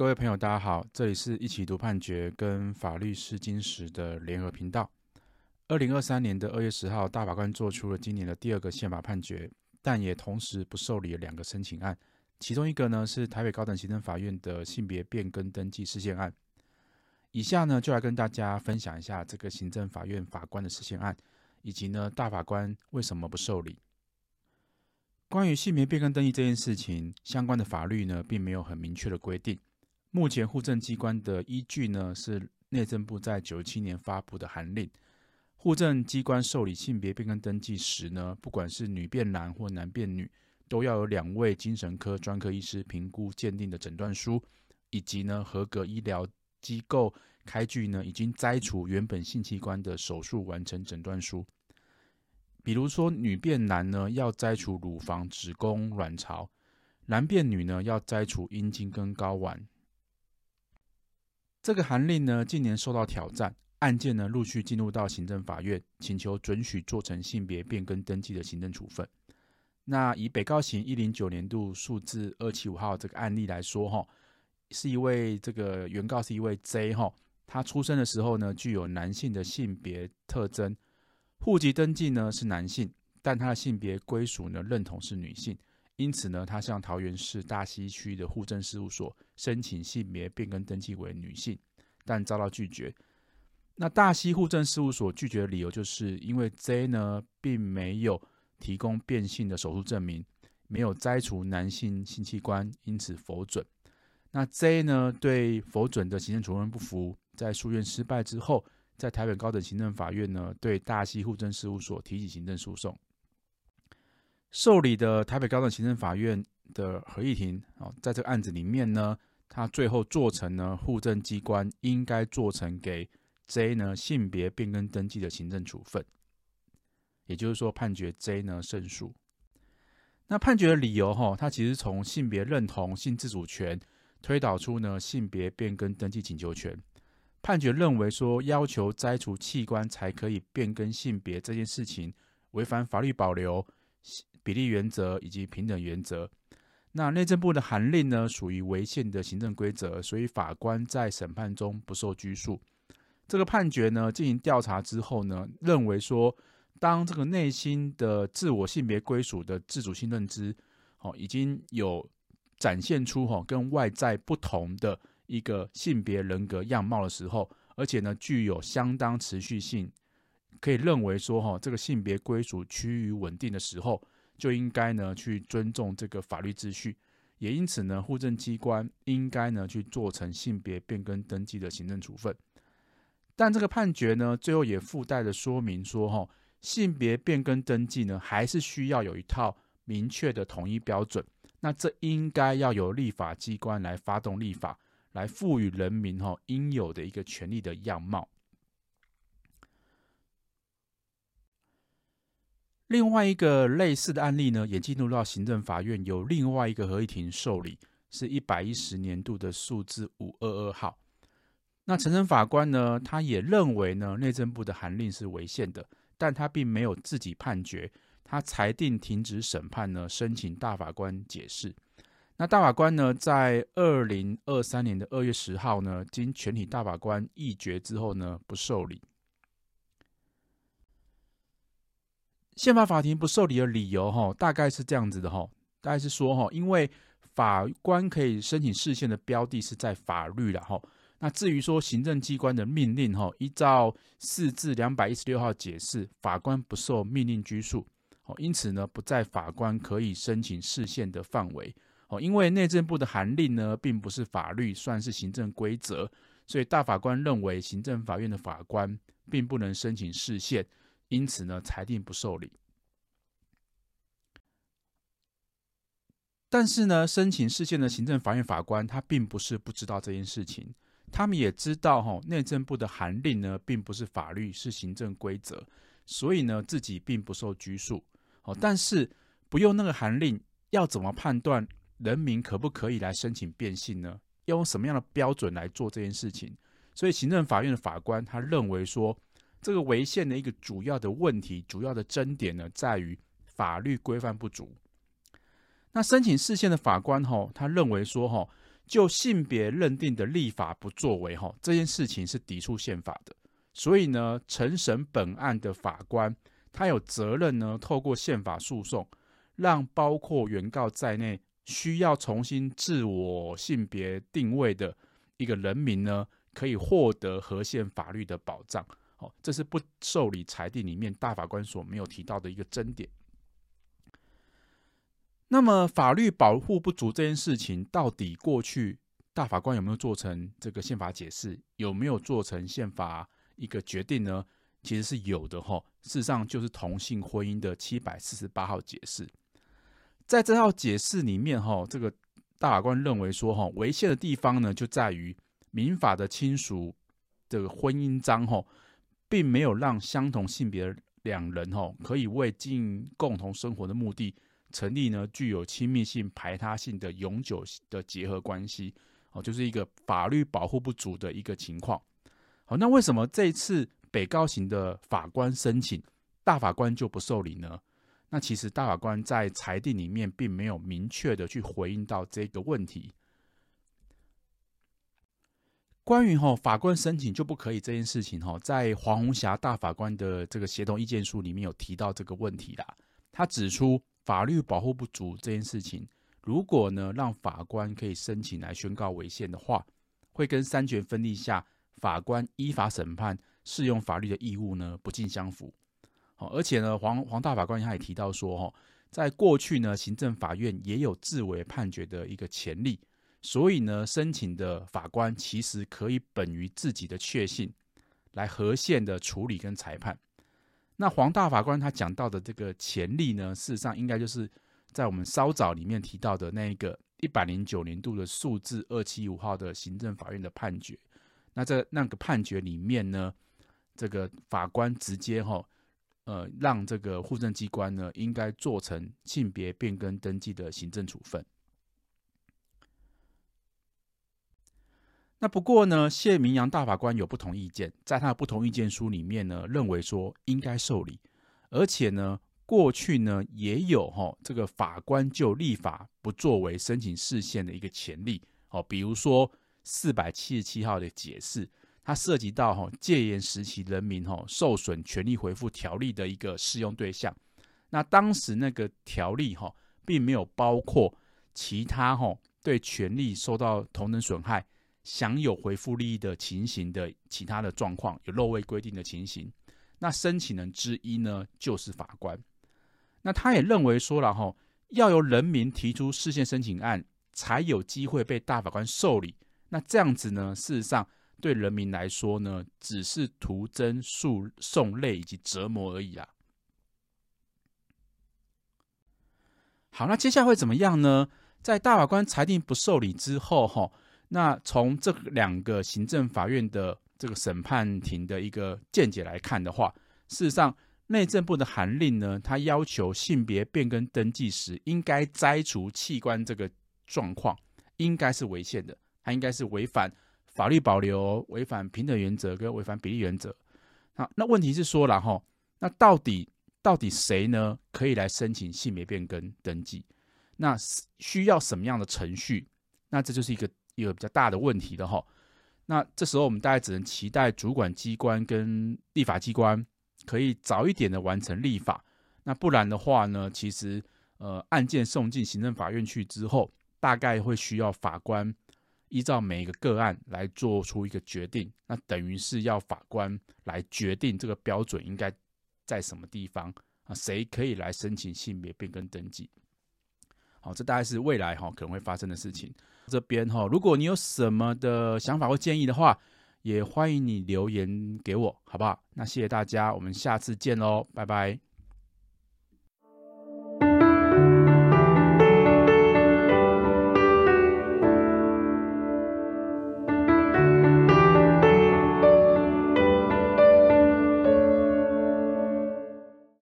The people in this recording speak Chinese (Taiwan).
各位朋友，大家好，這裡是一起讀判決跟法律試金石的聯合頻道。二零二三年的二月十號，大法官做出了今年的第二個憲法判決，但也同時不受理了兩個聲請案。其中一個呢，是台北高等行政法院的性別變更登記釋憲案。以下呢，就來跟大家分享一下這個行政法院法官的釋憲案，以及呢大法官為什麼不受理。關於性別變更登記這件事情，相關的法律呢並沒有很明確的規定。目前戶政機關的依據呢，是內政部在九七年發布的函令。戶政機關受理性別變更登記時呢，不管是女變男或男變女，都要有兩位精神科專科醫師評估鑑定的診斷書，以及呢合格醫療機構開具呢已經摘除原本性器官的手術完成診斷書。比如說女變男呢，要摘除乳房、子宮、卵巢；男變女呢，要摘除陰莖跟睾丸。這個函令呢，近年受到挑戰，案件呢陸續進入到行政法院，請求准許做成性別變更登記的行政處分。那以北高行一零九年度數字二七五號這個案例來說，哈，是一位這個原告是一位 J 哈，他出生的時候呢具有男性的性別特徵，戶籍登記呢是男性，但他的性別歸屬呢認同是女性。因此呢，他向桃園市大溪區的戶政事務所申請性別變更登記為女性，但遭到拒絕。那大溪戶政事務所拒絕的理由，就是因為 Z 呢，並沒有提供變性的手術證明，沒有摘除男性性器官，因此否准。那 Z 呢，對否准的行政處分不服，在訴願失敗之後，在台北高等行政法院呢，對大溪戶政事務所提起行政訴訟。受理的台北高等行政法院的合議庭哦，在這個案子裡面呢，他最後做成了，戶政機關應該做成給 J 呢性別變更登記的行政處分，也就是說，判決 J 呢勝訴。那判決的理由哈，他其實從性別認同、性自主權推導出呢，性別變更登記請求權。判決認為說，要求摘除器官才可以變更性別這件事情，違反法律保留。比例原則以及平等原則。那內政部的函令呢，屬於違憲的行政規則，所以法官在審判中不受拘束。這個判決呢，進行調查之後呢，認為說，當這個內心的自我性別歸屬的自主性認知，哦，已經有展現出哈跟外在不同的一個性別人格樣貌的時候，而且呢，具有相當持續性，可以認為說哈這個性別歸屬趨於穩定的時候。就應該呢去尊重這個法律秩序，也因此呢，戶政機關應該呢去做成性別變更登記的行政處分。但這個判決呢，最後也附帶的說明說，哈、哦，性別變更登記呢，還是需要有一套明確的統一標準。那這應該要由立法機關來發動立法，來賦予人民哈、哦、應有的一個權利的樣貌。另外一個類似的案例呢，也進入到行政法院，由另外一個合議庭受理，是一百一十年度的數字五二二號。那承審法官呢，他也認為呢，內政部的函令是違憲的，但他並沒有自己判決。他裁定停止審判呢，申請大法官解釋。那大法官呢，在二零二三年的二月十號呢，經全體大法官議決之後呢，不受理。憲法法庭不受理的理由，大概是這樣子的，大概是說，因為法官可以申請釋憲的標的是在法律，那至於說行政機關的命令，哈，依照釋字兩百一十六號解釋，法官不受命令拘束，哦，因此呢，不在法官可以申請釋憲的範圍，哦，因為內政部的函令呢，並不是法律，算是行政規則，所以大法官認為，行政法院的法官並不能申請釋憲。因此呢，裁定不受理。但是呢，申請事件的行政法院法官他並不是不知道這件事情，他們也知道哈，哦，內政部的函令呢，並不是法律，是行政規則，所以呢，自己並不受拘束。哦，但是不用那個函令，要怎麼判斷人民可不可以來申請變性呢？要用什麼樣的標準來做這件事情？所以行政法院的法官他認為說。這個違憲的一個主要的問題，主要的爭點呢，在於法律規範不足。那申請釋憲的法官吼，他認為說吼，就性別認定的立法不作為吼，這件事情是抵觸憲法的。所以呢，承審本案的法官，他有責任呢，透過憲法訴訟，讓包括原告在內，需要重新自我性別定位的一個人民呢，可以獲得合憲法律的保障。這是不受理裁定裡面大法官所沒有提到的一個爭點。那麼法律保護不足這件事情，到底過去大法官有沒有做成這個憲法解釋？有沒有做成憲法一個決定呢？其實是有的哈。事實上，就是同性婚姻的七百四十八號解釋，在這套解釋裡面哈，這個大法官認為說哈，違憲的地方呢，就在於民法的親屬這個婚姻章哈。並沒有讓相同性別的兩人吼可以為進共同生活的目的成立呢，具有親密性、排他性的永久的結合關係，哦，就是一個法律保護不足的一個情況。好，那為什麼這一次北高行的法官申請，大法官就不受理呢？那其實大法官在裁定裡面並沒有明確的去回應到這個問題。關於哈法官申請就不可以這件事情哈，在黃虹霞大法官的這個協同意見書裡面有提到這個問題啦。他指出法律保護不足這件事情，如果呢讓法官可以申請來宣告違憲的話，會跟三權分立下法官依法審判適用法律的義務呢不盡相符。哦，而且呢黃黃大法官他也提到說哈，在過去呢行政法院也有自為判決的一個潛力。所以呢，申請的法官其實可以本於自己的確信，來合憲的處理跟裁判。那黃大法官他講到的這個前例呢，事實上應該就是在我們稍早裡面提到的那一個一百零九年度的數字二七五號的行政法院的判決。那在那個判決裡面呢，這個法官直接哈、哦，呃，讓這個戶政機關呢應該做成性別變更登記的行政處分。那不過呢，謝明陽大法官有不同意見，在他的不同意見書裡面呢，認為說應該受理，而且呢，過去呢也有哈、哦、這個法官就立法不作為申請釋憲的一個前例。哦，比如說四百七十七號的解釋，它涉及到哈、哦、戒嚴時期人民哈、哦、受損權利回復條例的一個適用對象，那當時那個條例哈、哦、並沒有包括其他哈、哦、對權利受到同等損害，享有回復利益的情形的其他的狀況，有漏未規定的情形，那申請人之一呢就是法官，那他也認為說了哈，要由人民提出事件申請案才有機會被大法官受理，那這樣子呢，事實上對人民來說呢，只是徒增訴訟累以及折磨而已啊。好，那接下來會怎麼樣呢？在大法官裁定不受理之後哈。那從這兩個行政法院的這個審判庭的一個見解來看的話，事實上內政部的函令呢，它要求性別變更登記時應該摘除器官這個狀況，應該是違憲的，它應該是違反法律保留、哦、違反平等原則跟違反比例原則。好，那問題是說了哈，那到底到底誰呢可以來申請性別變更登記？那需要什麼樣的程序？那這就是一個。一個比較大的問題的哈，那這時候我們大家只能期待主管機關跟立法機關可以早一點的完成立法。那不然的話呢，其實呃，案件送進行政法院去之後，大概會需要法官依照每一個個案來做出一個決定。那等於是要法官來決定這個標準應該在什麼地方啊？誰可以來申請性別變更登記？好，這大概是未來哈可能會發生的事情。這邊哈、哦，如果你有什麼的想法或建議的話，也歡迎你留言給我，好不好？那謝謝大家，我們下次見嘍，拜拜。